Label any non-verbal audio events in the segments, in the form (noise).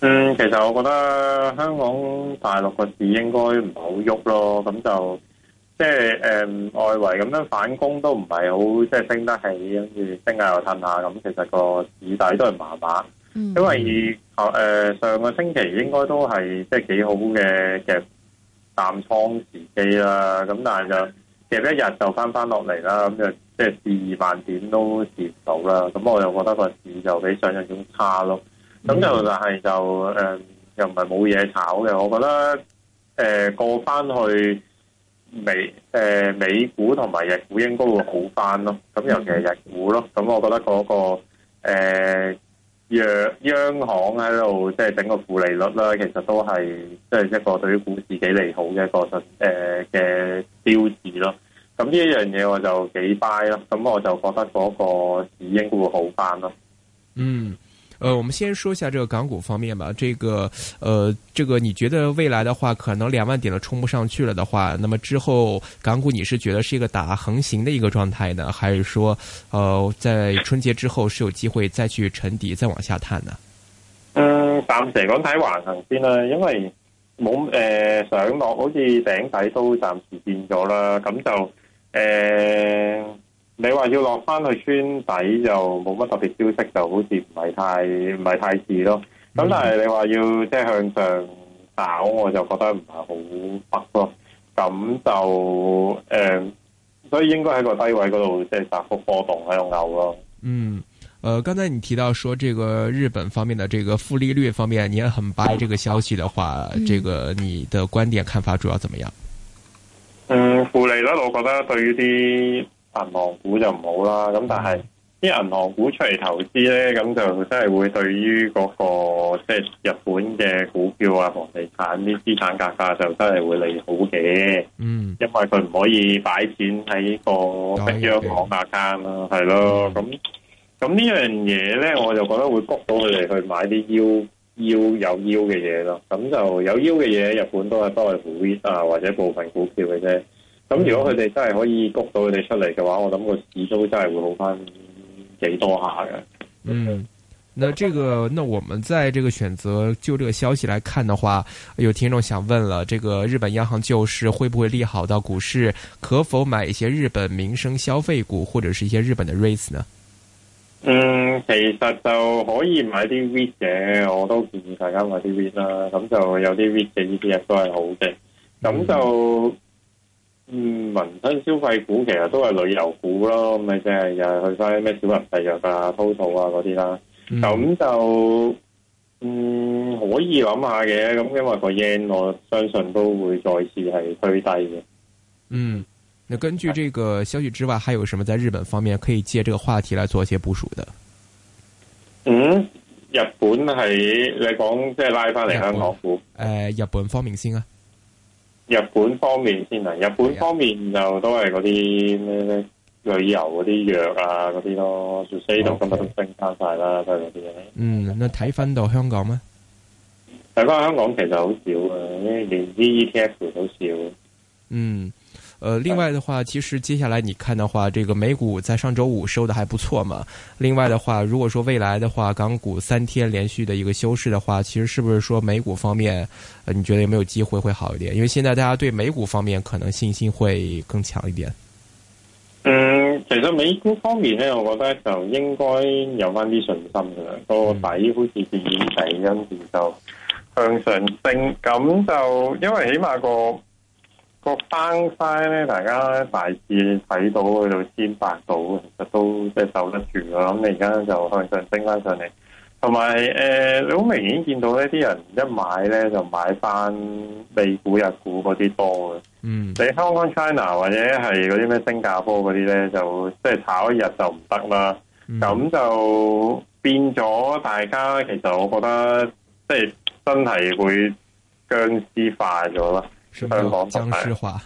嗯，其實我覺得香港大陸個市應該唔好喐咯，咁就即係誒外圍咁樣反攻都唔係好，即係升得起，跟住升下又褪下，咁其實個市底都係麻麻，因為誒、呃、上個星期應該都係即係幾好嘅夾淡倉時機啦，咁但係就其實一日就翻翻落嚟啦，咁就即係試二萬點都試唔到啦，咁我就覺得個市就比想象中差咯。咁就就係就誒，又唔係冇嘢炒嘅。我覺得誒、呃、過翻去美誒、呃、美股同埋日股應該會好翻咯。咁尤其係日股咯。咁我覺得嗰、嗰個誒、呃、央，央，央行喺度即係整個負利率啦，其實都係即係一個對於股市幾利好嘅一個信誒嘅標誌咯。咁呢一樣嘢我就幾 buy 咯。咁我就覺得嗰個市應該會好翻咯。嗯。呃，我們先說一下這個港股方面吧。這個，呃，這個，你覺得未來的話，可能兩萬點都衝不上去了的話，那麼之後港股你是覺得是一個打橫行的一個狀態呢，還是說，呃，在春節之後是有機會再去沉底再往下探呢？嗯、呃，暫時講睇橫行先啦、啊，因為冇誒、呃、上落，好似頂底都暫時變咗啦，咁就誒。呃你話要落翻去村底就冇乜特別消息，就好似唔係太唔係太事咯。咁但係你話要即係向上炒，我就覺得唔係好得咯。咁就誒、呃，所以應該喺個低位嗰度即係窄幅波動喺度牛咯。嗯，誒、呃，剛才你提到說這個日本方面的這個負利率方面，你也很白。這個消息的話、嗯，這個你的觀點看法主要怎麼樣？嗯、呃，負利率我覺得對於啲。銀行股就唔好啦，咁但係啲銀行股出嚟投資咧，咁就真係會對於嗰、那個即係、就是、日本嘅股票啊、房地產啲資產價格就真係會利好嘅。嗯，因為佢唔可以擺錢喺個中央、就是、銀行間啦，係、嗯、咯。咁咁呢樣嘢咧，我就覺得會谷到佢哋去買啲要要有腰嘅嘢咯。咁就有腰嘅嘢，日本都係不外乎 V 啊或者部分股票嘅啫。咁、嗯嗯、如果佢哋真係可以谷到佢哋出嚟嘅話，我諗個市都真係會好翻幾多下嘅。嗯，那這個，那我們在這個選擇就這個消息來看的話，有聽眾想問了，這個日本央行救市會不會利好到股市？可否買一些日本民生消費股或者是一些日本的 REITs 呢？嗯，其實就可以買啲 REIT 嘅，我都建議大家買啲 REIT 啦。咁就有啲 REIT 嘅呢啲嘢都係好嘅，咁就。嗯。嗯，民生消費股其實都係旅遊股咯，咪即係又係去翻咩小人製藥啊、TOTO 啊嗰啲啦。咁、嗯、就嗯可以諗下嘅，咁因為個 yen 我相信都會再次係推低嘅。嗯，那根據這個消息之外，還有什麼在日本方面可以借這個話題來做一些部署的？嗯，日本係你講即係拉翻嚟香港股，誒、呃，日本方面先啊日本方面先啊，日本方面就都係嗰啲咩咩旅遊嗰啲藥啊嗰啲咯，資生堂今日都升翻晒啦，都係嗰啲嘢。嗯，咁睇翻到香港咩？睇返香港其實好少啊，連啲 ETF 都少。嗯。呃，另外的話，其實接下來你看的話，這個美股在上周五收的還不錯嘛。另外的話，如果說未來的話，港股三天連續的一個休市的話，其實是不是說美股方面，呃，你覺得有沒有機會會好一點？因為現在大家對美股方面可能信心會更強一點。嗯，其實美股方面呢，我覺得就應該有翻啲信心噶啦，個底好似是漸底跟住就向上升，咁就因為起碼個。那個班咧，大家大致睇到佢到千八度，其實都即係受得住咯。咁你而家就向上升翻上嚟，同埋誒，你好明顯見到呢啲人一買咧就買翻美股、日股嗰啲多嘅。嗯，你香港 China 或者係嗰啲咩新加坡嗰啲咧，就即係炒一日就唔得啦。咁、嗯、就變咗，大家其實我覺得即係真係會僵屍化咗咯。香港僵屍化，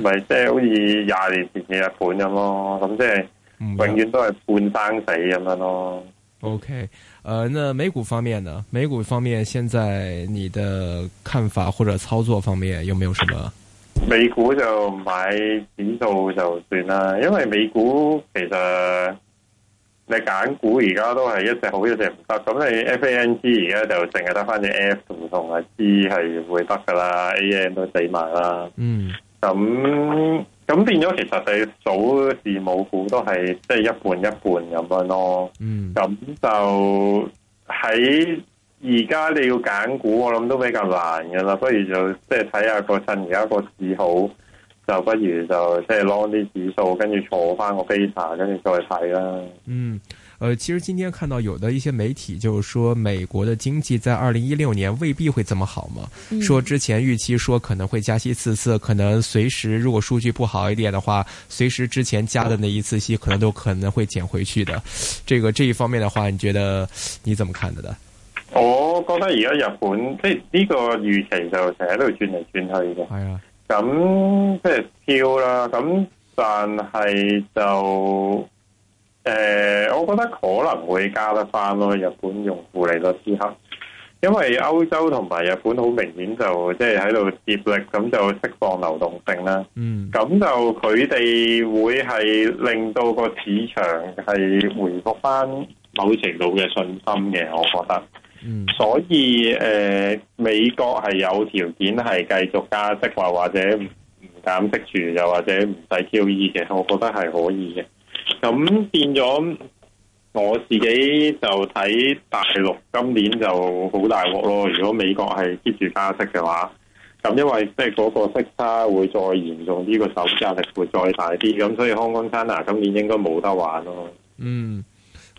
唔係即係好似廿年前嘅日本咁咯，咁即係永遠都係半生死咁樣咯。 (laughs) OK，誒、uh,，那美股方面呢？美股方面，現在你的看法或者操作方面有冇有什麼？美股就買指數就算啦，因為美股其實。你揀股而家都係一隻好一隻唔得，咁你 FANG F A N G 而家就淨係得翻隻 F 同埋 G 係會得噶啦，A M 都死埋啦。嗯、mm.，咁咁變咗其實你早市冇股都係即係一半一半咁樣咯。嗯，咁就喺而家你要揀股，我諗都比較難噶啦，不如就即係睇下個趁而家個市好。就不如就即係攞啲指數，跟住坐翻個飛塔，跟住再睇啦。嗯，呃，其實今天看到有的一些媒體，就是說美國的經濟在二零一六年未必會咁好嘛、嗯。說之前預期說可能會加息四次，次，可能隨時如果數據不好一點的話，隨時之前加的那一次息可能都可能會減回去的。這個這一方面的話，你覺得你怎麼看的呢？我覺得而家日本即係呢、這個預期就成日都會轉嚟轉去嘅。係、哎、啊。咁即係飄啦，咁但係就誒、欸，我覺得可能會加得翻咯。日本用戶嚟到施壓，因為歐洲同埋日本好明顯就即係喺度接力，咁就釋放流動性啦。嗯，咁就佢哋會係令到個市場係回復翻某程度嘅信心嘅，我覺得。所以誒，美國係有條件係繼續加息或或者唔減息住，又或者唔使 QE 嘅，我覺得係可以嘅。咁變咗我自己就睇大陸今年就好大鑊咯。如果美國係 keep 住加息嘅話，咁因為即係嗰個息差會再嚴重啲，個手壓力會再大啲，咁所以 Hong Kong China 今年應該冇得玩咯。嗯。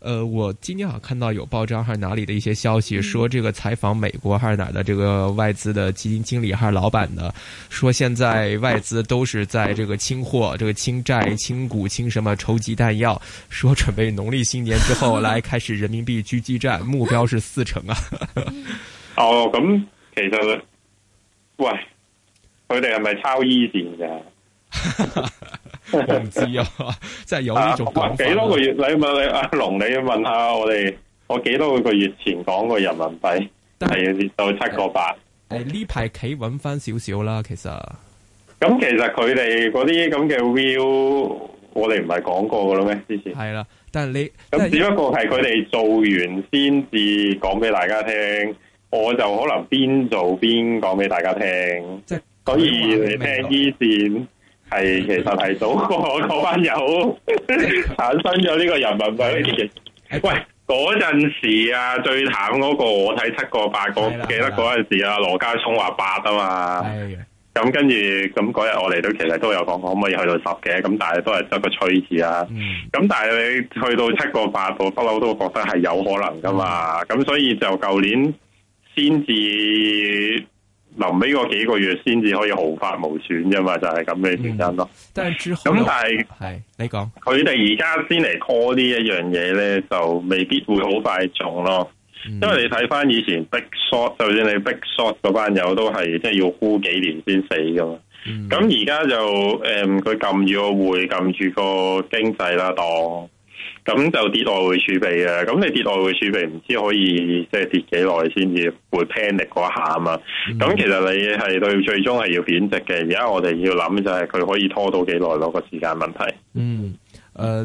呃，我今天好像看到有報章還是哪裏的一些消息，說這個採訪美國還是哪兒的這個外資的基金經理還是老闆的，說現在外資都是在這個清貨、這個清債、清股、清什麼，籌集彈藥，說準備農曆新年之後來開始人民幣狙擊戰， (laughs) 目標是四成啊。 (laughs) 哦，咁其實，喂，佢哋係咪抄伊線噶？ (laughs) 唔 (laughs) 知 (laughs) 啊，即係有呢種幾多個月？你問你阿龍、啊，你問下我哋，我幾多個月前講過人民幣，係跌到七個八。誒，呢排企穩翻少少啦。其實，咁、嗯、其實佢哋嗰啲咁嘅 view，我哋唔係講過噶啦咩？之前係啦，但係你咁只不過係佢哋做完先至講俾大家聽，我就可能邊做邊講俾大家聽，即所以你聽 E 線。係其實係到過嗰班友 (laughs) 產生咗呢個人民幣嘅。 (laughs) 喂嗰陣時啊最淡嗰，那個我睇七個八個，我記得嗰陣時啊羅家聰話八啊嘛，咁跟住咁嗰日我哋都其實都有講可唔可以去到十嘅，咁但係都係得個趨勢啊。咁、嗯、但係你去到七個八個，度，不嬲都覺得係有可能噶嘛，咁、嗯、所以就舊年先至。臨尾個幾個月先至可以毫髮無損啫嘛，就係咁嘅原因咯。咁、嗯、但係係你講，佢哋而家先嚟 call 呢一樣嘢咧，就未必會好快中咯。嗯、因為你睇翻以前 Big Short，就算你 Big Short 嗰班友都係即係要沽幾年先死噶嘛。咁而家就誒，佢撳住個匯，撳住個經濟啦，當。咁就跌外匯儲備啊！咁你跌外匯儲備，唔知可以即係跌幾耐先至會 panic 一嗰下啊嘛！咁、嗯、其實你係對最終係要貶值嘅。而家我哋要諗就係佢可以拖到幾耐咯，個時間問題。嗯，呃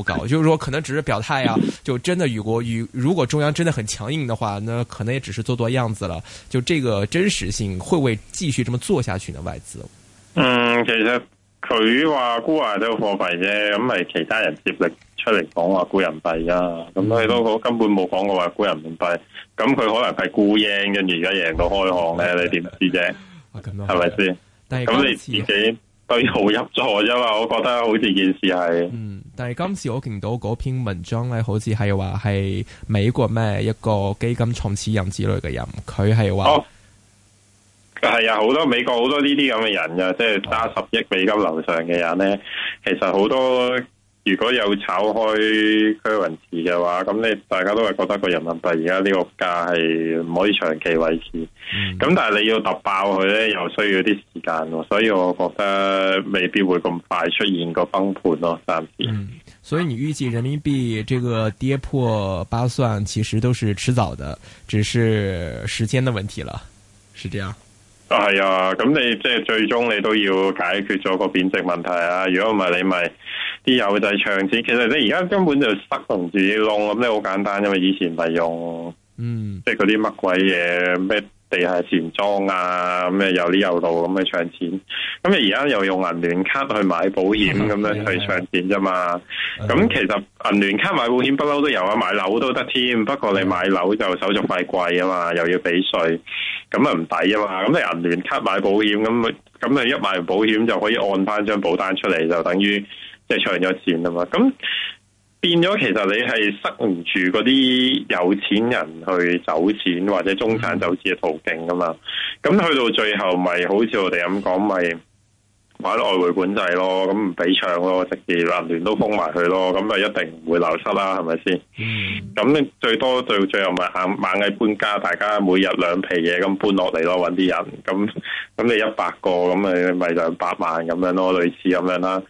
就是說可能只是表態啊，就真的與國與如果中央真的很強硬的話，那可能也只是做做樣子了。就這個真實性會不會繼續這麼做下去呢？外資 (noise) 嗯，其實佢話沽都有貨幣啫，咁咪其他人接力出嚟講話沽人民幣啊，咁佢都好根本冇講過話沽人民幣，咁佢可能係沽贏，跟住而家贏到開行咧，你點知啫？係咪先？咁你自己對號入座啫嘛，我覺得好似件事係。嗯但係今次我見到嗰篇文章咧，好似係話係美國咩一個基金創始人之類嘅人，佢係話，係、哦、啊，好多美國好多呢啲咁嘅人呀，即係揸十億美金樓上嘅人咧，其實好多。如果有炒開區運市嘅話，咁你大家都係覺得個人民幣而家呢個價係唔可以長期維持，咁、嗯、但係你要突爆佢咧，又需要啲時間咯，所以我覺得未必會咁快出現個崩盤咯，暫時、嗯。所以你預計人民幣這個跌破八算，其實都是遲早的，只是時間的問題啦。是這樣。係啊，咁、啊、你即係最終你都要解決咗個貶值問題啊，如果唔係你咪。啲有就係搶錢，其實你而家根本就塞同自己窿，咁你好簡單啫嘛。因為以前咪用，嗯，即係嗰啲乜鬼嘢，咩地下的錢莊啊，咁咩有呢有度咁去搶錢。咁你而家又用銀聯卡去買保險，咁樣去搶錢啫嘛。咁其實銀聯卡買保險不嬲都有啊，買樓都得添。不過你買樓就手續費貴啊嘛，又要俾稅，咁啊唔抵啊嘛。咁你銀聯卡買保險，咁咁你一買完保險就可以按翻張保單出嚟，就等於。即係賺咗錢啊嘛，咁變咗其實你係塞唔住嗰啲有錢人去走錢或者中產走錢嘅途徑噶嘛，咁去到最後咪好似我哋咁講咪，擺喺外匯管制咯，咁唔俾唱咯，直接銀聯都封埋佢咯，咁咪一定唔會流失啦，係咪先？咁 (noise) 你最多最最後咪螞蟻搬家，大家每日兩皮嘢咁搬落嚟咯，揾啲人，咁咁你一百個，咁你咪兩百萬咁樣咯，類似咁樣啦。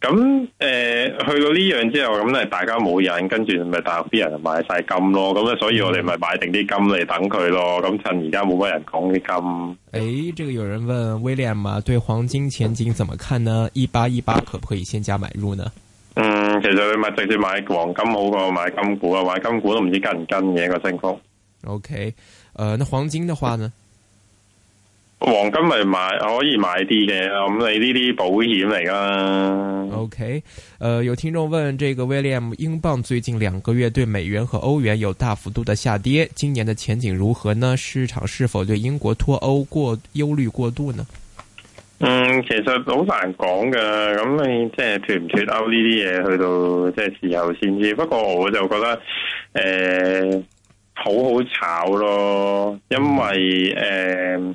咁誒、呃、去到呢樣之後，咁咧大家冇人，跟住咪大啲人買晒金咯。咁咧，所以我哋咪買定啲金嚟等佢咯。咁趁而家冇乜人講啲金。哎，這個有人問 William 嘛，對黃金前景怎麼看呢？一八一八可不可以先加買入呢？嗯，其實你買直接買黃金好過買金股啊，買金股都唔知道跟唔跟嘅，一、這個升幅。OK，呃，那黃金的話呢？嗯黃金咪買可以買啲嘅，咁你呢啲保險嚟啦。OK，誒、呃，有聽眾問：，這個 William，英鎊最近兩個月對美元和歐元有大幅度的下跌，今年的前景如何呢？市場是否對英國脱歐過憂慮過度呢？嗯，其實好難講噶，咁你即係脱唔脱歐呢啲嘢，去到即係時候先知。不過我就覺得誒、呃，好好炒咯，因為誒。嗯呃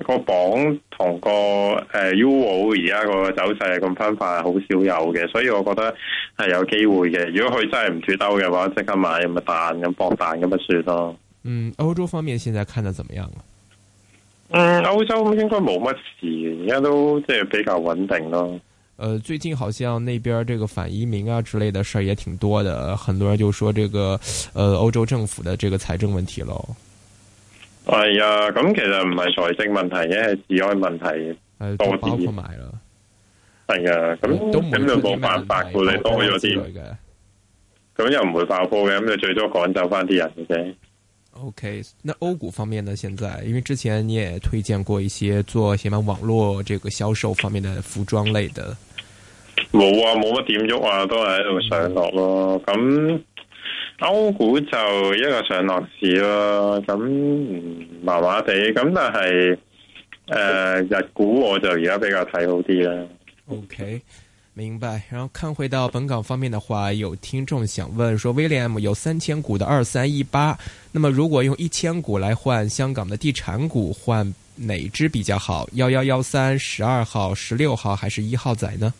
那個榜同個誒 UO 而家個走勢係咁分化，係好少有嘅，所以我覺得係有機會嘅。如果佢真係唔住兜嘅話，即刻買咁咪彈咁放彈咁咪算咯。嗯，歐洲方面現在看得怎麼樣啊？嗯，歐洲應該冇乜事，而家都即係比較穩定咯。誒、呃，最近好像那邊這個反移民啊之類的事也挺多的，很多人就說這個，誒、呃，歐洲政府的這個財政問題咯。係啊，咁其實唔係財政問題，因為治安問題多啲。多爆鋪埋咯，係啊，咁咁就冇辦法，佢哋多咗啲嘅。咁又唔會爆破嘅，咁就最多趕走翻啲人嘅啫。O K，那歐股方面呢？現在，因為之前你也推薦過一些做什麼網絡這個銷售方面的服裝類的。冇啊，冇乜點喐啊，都係喺度上落咯，咁、嗯。嗯歐股就一個上落市咯，咁麻麻地，咁但係誒、呃、日股我就而家比較睇好啲啦。OK，明白。然後看回到本港方面的話，有聽眾想問說，William 有三千股的二三一八，那麼如果用一千股來換香港的地產股，換哪支比較好？一一一三、十二號、十六號，還是一號仔呢？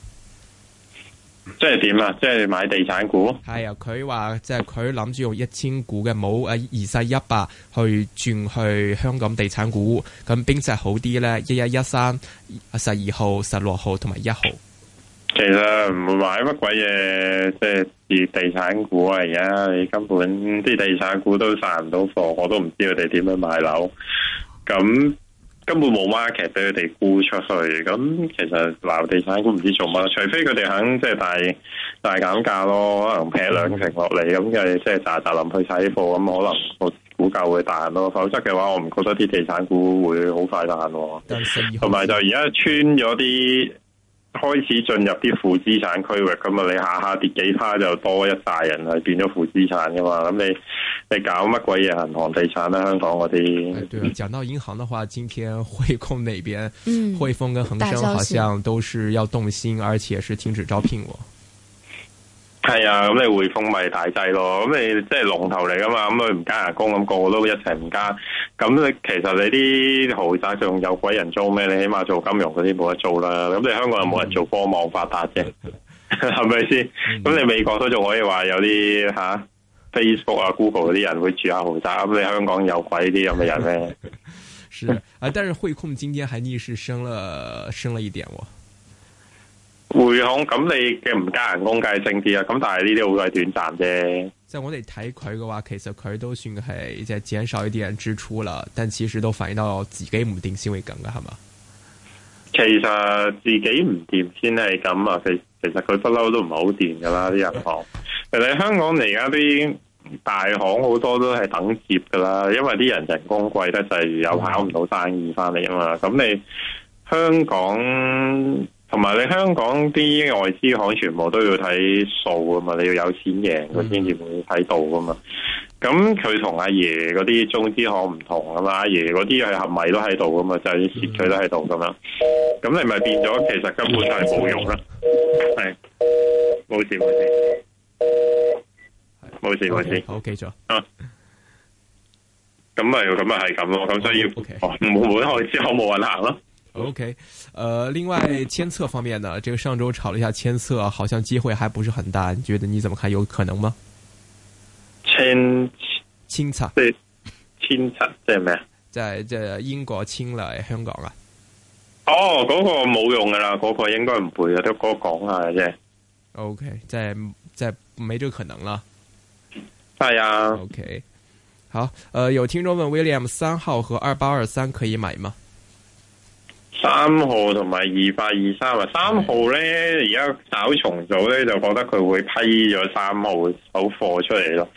即係點啊？即係買地產股？係啊，佢話即係佢諗住用一千股嘅冇誒二世一百去轉去香港地產股，咁邊隻好啲咧？一一一三、十二號、十六號同埋一號。其實唔會買乜鬼嘢，即係地地產股啊！而家你根本啲地產股都散唔到貨，我都唔知道你點樣買樓。咁。根本冇 market 俾佢哋沽出去，咁其實樓地產股唔知做乜，除非佢哋肯即係大大減價咯，可能劈兩成落嚟，咁即係即係扎扎冧去洗啲貨，咁可能個股價會彈咯。否則嘅話，我唔覺得啲地產股會好快彈喎。同埋就而家穿咗啲。開始進入啲負資產區域，咁啊，你下下跌幾趴就多一大人去變咗負資產噶嘛，咁你你搞乜鬼嘢銀行地產咧？香港嗰啲、哎，對、啊，講到銀行嘅話，今天匯控那邊，嗯，匯豐跟恒生好像都是要凍薪，嗯、而且是停止招聘我。係啊，咁你匯豐咪大劑咯，咁你即係龍頭嚟噶嘛，咁佢唔加人工，咁、那個個都一齊唔加，咁其實你啲豪宅仲有鬼人租咩？你起碼做金融嗰啲冇得做啦，咁你香港又冇人做科網發達啫，係咪先？咁 (laughs) 你美國都仲可以話有啲吓、啊、Facebook 啊 Google 嗰啲人會住下豪宅，咁你香港有鬼啲咁嘅人咩？ (laughs) 是啊，但係匯控今天還逆市升了升了一點喎。匯控，咁你嘅唔加人工計正啲啊，咁但係呢啲好鬼短暫啫。即係我哋睇佢嘅話，其實佢都算係即係減少啲人支出啦。但係其實都反映到我自己唔掂先會咁噶，係嘛？其實自己唔掂先係咁啊。其其實佢不嬲都唔係好掂噶啦啲銀行。其實香港而家啲大行好多都係等接噶啦，因為啲人人工貴得滯，就又跑唔到生意翻嚟啊嘛。咁你香港，同埋你香港啲外資行全部都要睇數㗎嘛，你要有錢贏佢先至會喺度噶嘛。咁、嗯、佢同阿爺嗰啲中資行唔同啊嘛，阿爺嗰啲係合埋都喺度噶嘛，就係攝取都喺度咁樣。咁、嗯、你咪變咗，其實根本就係冇用啦。係、嗯，冇、嗯、事冇事，冇 (laughs) 事冇事，OK 咗。咁咪咁咪係咁咯，咁所以唔會外資行冇運行咯。啊 OK，呃，另外遷冊方面呢，這個上周炒了一下遷冊，好像機會還不是很大，你覺得你怎麼看？有可能嗎？遷遷冊，即遷冊即咩啊？即即英國遷嚟香港啊？哦，嗰、那個冇用噶啦，嗰、那個應該唔會㗎，都哥講下啫。OK，即即沒這個可能喇。係、哎、啊，OK。好，呃，有聽眾問 William，三號和二八二三可以買嗎？三號同埋二八二三啊。三號咧，而家搞重組咧，就覺得佢會批咗三號首貨出嚟咯。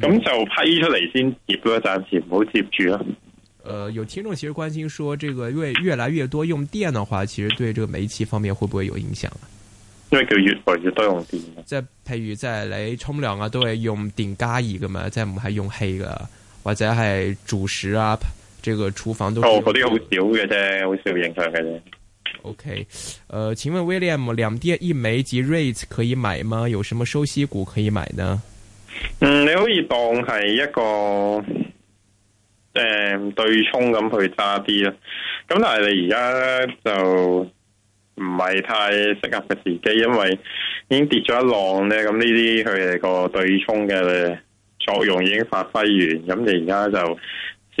咁就批出嚟先接咯，暫時唔好接住啦。誒、呃，有聽眾其實關心說，這個因為越來越多用電嘅話，其實對這個煤氣方面會唔會有影響啊？因為叫越來越多用電，即係譬如即係你沖涼啊，都係用電加熱噶嘛，即係唔係用氣噶，或者係煮食啊。這個廚房都的哦，嗰啲好少嘅啫，好少影響嘅啫。OK，誒、呃，請問 William 兩啲一枚及 rate 可以買嗎？有什麼收息股可以買呢？嗯，你可以當係一個誒、呃、對沖咁去揸啲啦。咁但係你而家咧就唔係太適合嘅時機，因為已經跌咗一浪咧。咁呢啲佢哋個對沖嘅作用已經發揮完，咁你而家就。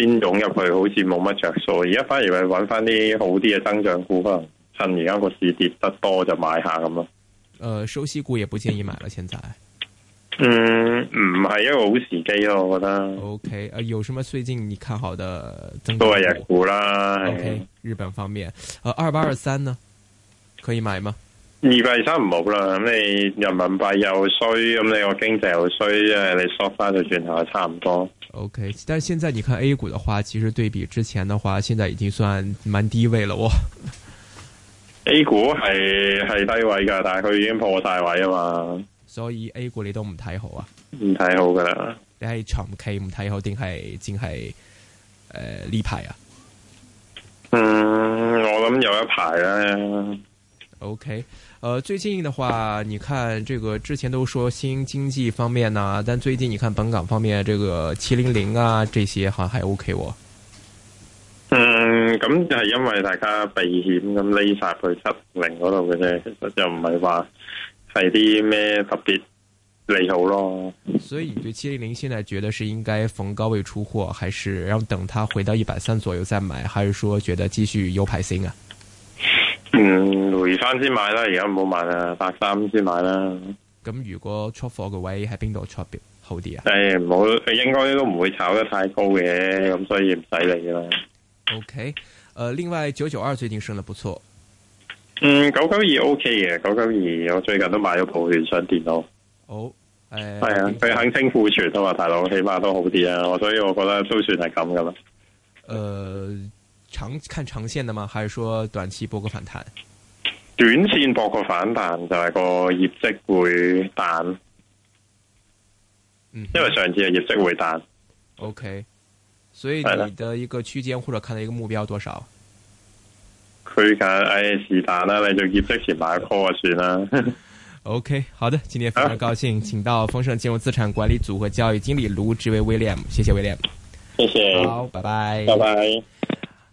先湧入去好好，好似冇乜着數。而家反而係揾翻啲好啲嘅增長股，可能趁而家個市跌得多就買下咁咯。呃，收息股也不建議買了，現在。嗯，唔係一個好時機咯，我覺得。O、okay, K，啊，有什麼最近你看好的增長股，都係日股啦？O、okay, K，日本方面，啊、呃，二八二三呢？可以買嗎？二八二三唔好啦，咁你人民幣又衰，咁你個經濟又衰，因為你 short 翻就轉頭係差唔多。OK，但係現在你看 A 股嘅話，其實對比之前嘅話，現在已經算蠻低位啦喎。我 A 股係係低位噶，但係佢已經破晒位啊嘛。所以 A 股你都唔睇好啊？唔睇好噶啦。你係長期唔睇好定係淨係誒呢排啊？嗯，我諗有一排啦。OK。呃，最近的話，你看這個之前都說新經濟方面呢、啊，但最近你看本港方面這個七零零啊，這些好像還 OK。嗯，咁係因為大家避險咁匿晒去七零嗰度嘅啫，其實又唔係話係啲咩特別利好咯。所以你對七零零現在覺得是應該逢高位出貨，還是要等它回到一百三左右再買，還是說覺得繼續有排升啊？嗯。嚟翻先買啦，而家唔好買啦，八三先買啦。咁、嗯、如果出貨嘅位喺邊度出好啲啊？誒，冇，應該都唔會炒得太高嘅，咁所以唔使理啦。O K，誒，另外九九二最近升得不錯，嗯，九九二 O K 嘅，九九二我最近都買咗部聯想電腦。好、哦、係、哎、啊，佢、哎、肯清庫存嘅嘛，大佬起碼都好啲啊。所以我覺得都算係咁噶啦。誒、呃，長看長線嘅嘛？還是說短期搏個反彈？短線博個反彈就係個業績會彈、嗯，因為上次係業績會彈。OK，所以你的一個區間或者睇一個目標多少？佢嘅哎，是但啦，你就業績前買波算啦。OK，好的，今天非常高興、啊，請到豐盛金融資產管理組合交易經理盧志威 William，謝謝 William，謝謝，好，拜拜，拜拜。